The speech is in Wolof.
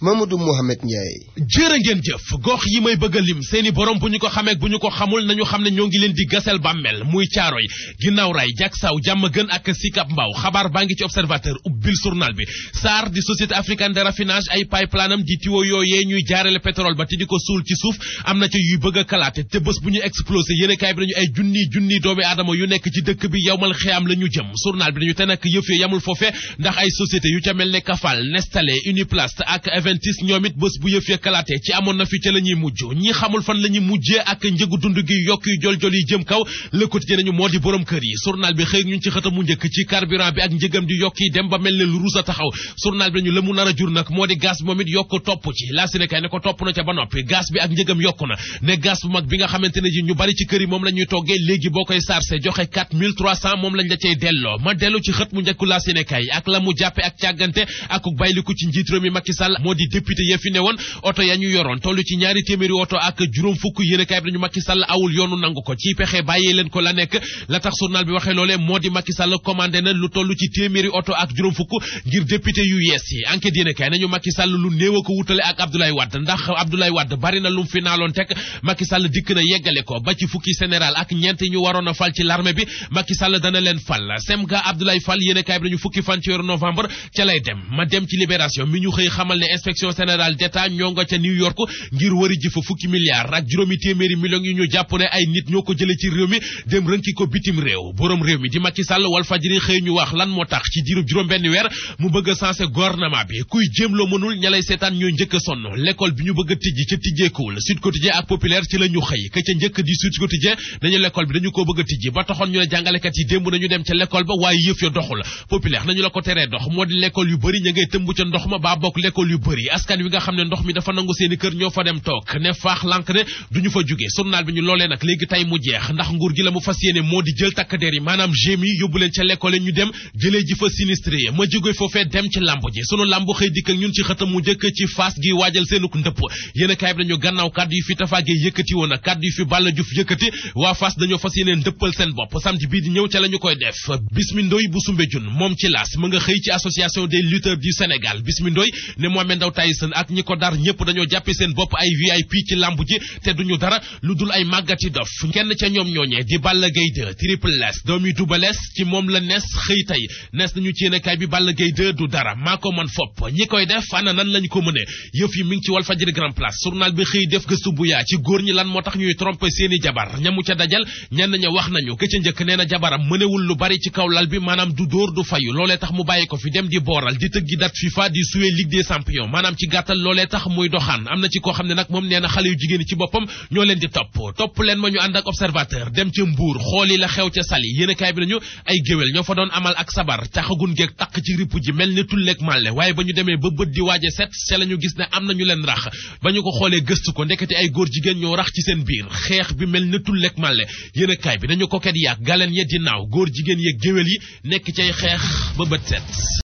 Mamadou Mouhamed Ndiaye jërë ngeen jëf gox yi may bëgg a lim seeni borom bu ñu ko xamee bu ñu ko xamul nañu xam ne ñoo ngi leen di gasel bàmmeel muy Caaroy ginnaaw raay jak saaw jàmm gën ak Sikap Mbaaw xabaar baa ngi ci observateur ubbil journal bi SAR di société africaine de raffinage ay pipeline am di tiwo yooyee ñuy jaarale pétrole ba te di ko suul ci suuf am na ca yuy bëgg kalaate te bés bu ñu explosé yéen kaay bi nañu ay junni junni doomi aadama yu nekk ci dëkk bi yowmal xiyaam la ñu jëm journal bi nañu te nag yëf ya yamul foofe ndax ay société yu ca mel ne Kafal Nestlé Uniplast ak Aventis ñoom it bés bu yëf ya kalaate ci amoon na fi ca la ñuy mujj ñi xamul fan la ñuy mujjee ak njëgu dund gi yokk yu jol-jol yi jëm kaw Le Quotidien nañu moo di borom kër yi journal bi xëy ñu ci xëtamu njëkk ci carburant bi ak njëgam di yokk ba mel la lu rusa taxaw journal bi nañu la mu nar jur nag moo di gaz moom it yokk topp ci la sinekaay ne ko topp na ca ba noppi gaz bi ak njëgam yokku na ne gaz bu mag bi nga xamante ji ñu bari ci kër moom la toggee léegi boo koy sarse joxe moom lañ la cay delloo ma dellu ci xët mu njëkku la sinekaay ak la mu jàppe ak càggante ak bayliku ci njiit réew mi Macky Sall moo di député ya fi ne woon oto ya ñu yoroon toll ci ñaari téeméeri oto fukk ngir député yu yees yi enquête yéen nañu Macky lu néew a ko wutale ak Abdoulaye Wade ndax Abdoulaye Wade bari na lu mu fi dikk na yeggale ko ba ci fukki général ak ñeent ñu waroon a fal ci l'armée bi Macky Sall dana leen fal Semga Abdoulaye Fall yéen bi nañu fukki fan ci ca lay dem ma dem ci libération mi ñu xëy xamal ne inspection générale d'État ñoo ca New York ngir wari ji fa fukki milliards ak juróomi téeméeri mi weer mu bëgg a sensé gouvernement bi kuy jéem loo mënul ña lay seetaan ñooy njëkk a sonn l'école bi ñu bëgg a tijji ca tijjeekuwul Sud Quotidien ak Populaire ci la xëy ka ca njëkk di Sud Quotidien nañu l'école bi dañu koo bëgg a ba taxoon ñu ne jàngalekat yi démb nañu dem ca l'école ba waaye yëf ya doxul Populaire nañu la ko teree dox moo di l'école yu bëri ña tëmb ca ndox ma baa bokk l'école yu bëri askan wi nga xam ne ndox mi dafa nangu seeni léegi tey mu jeex ndax nguur gi la mu moo di jël takk der yi maanaam jéem yi ma jóge foofee dem ci lamb ji sunu lamb xëy dikk ak ñun ci xëtam mu njëkk ci fas gi waajal seenuk ndëpp yéen bi dañu gannaaw kàddu yi fi tafaagee yëkkati woon kàddu yi fi Balla Diouf yëkkati waa fas dañoo fas yéene ndëppal seen bopp samedi bii di ñëw ca la koy def Bismi bu Soumbédioune moom ci laas ma nga xëy ci association des lutteurs du Sénégal Bismi Ndoy ne Mohamed Ndao Tyson ak ñi ko dar ñëpp dañoo jàppe seen bopp ay VIP ci lamb ji te duñu dara lu dul ay màggati dof kenn ca ñoom ñooñee di Balla Gaye 2 Triple S la Balla Gaye du dara maa ko man fopp ñi koy def ana nan lañu ko mëne yëf yi mi ci Walf Grand Place journal bi xëy def gëstu bu yaa ci góor ñi lan moo tax ñuy tromper seeni jabar ñamu ca dajal ñenn ña wax nañu ka ca njëkk nee na jabaram mënewul lu bari ci kaw lal bi maanaam du dóor du fayu loolee tax mu bàyyi ko fi dem di booral di tëggi dat FIFA di suwe Ligue des Champions maanaam ci gàttal loolee tax muy doxaan am na ci koo xam ne nag moom nee bi nañu ay géwél ñoo fa nekk ci ripp ji mel ni tulleeg màlle waaye ba ñu demee ba bët di waaje set se la ñu gis ne am na ñu leen rax ba ñu ko xoolee gëstu ko ndekete ay góor jigéen ñoo rax ci seen biir xeex bi mel ni tulleeg màlle yéen a bi nañu ko kat yàgg galeen ya di naaw góor jigéen yeeg géwél yi nekk ci xeex ba bët set